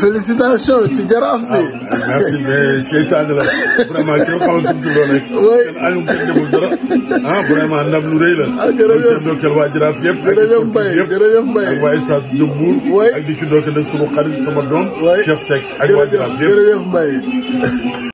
félicitations ci jaraaf bi. merci mais Keita la vraiment kenn xamante ni loolu rek. oui kenn añu kenn demul dara ah vraiment ndam lu rëy la. ah jërëjëf di ndokkeel waa jaraaf yëpp. jërëjëf Mbaye jërëjëf Mbaye ak waa Issa Diobour. oui ak di ci ndokkeel ak sama xarit sama doom. Cheikh waa jaraaf yëpp jërëjëf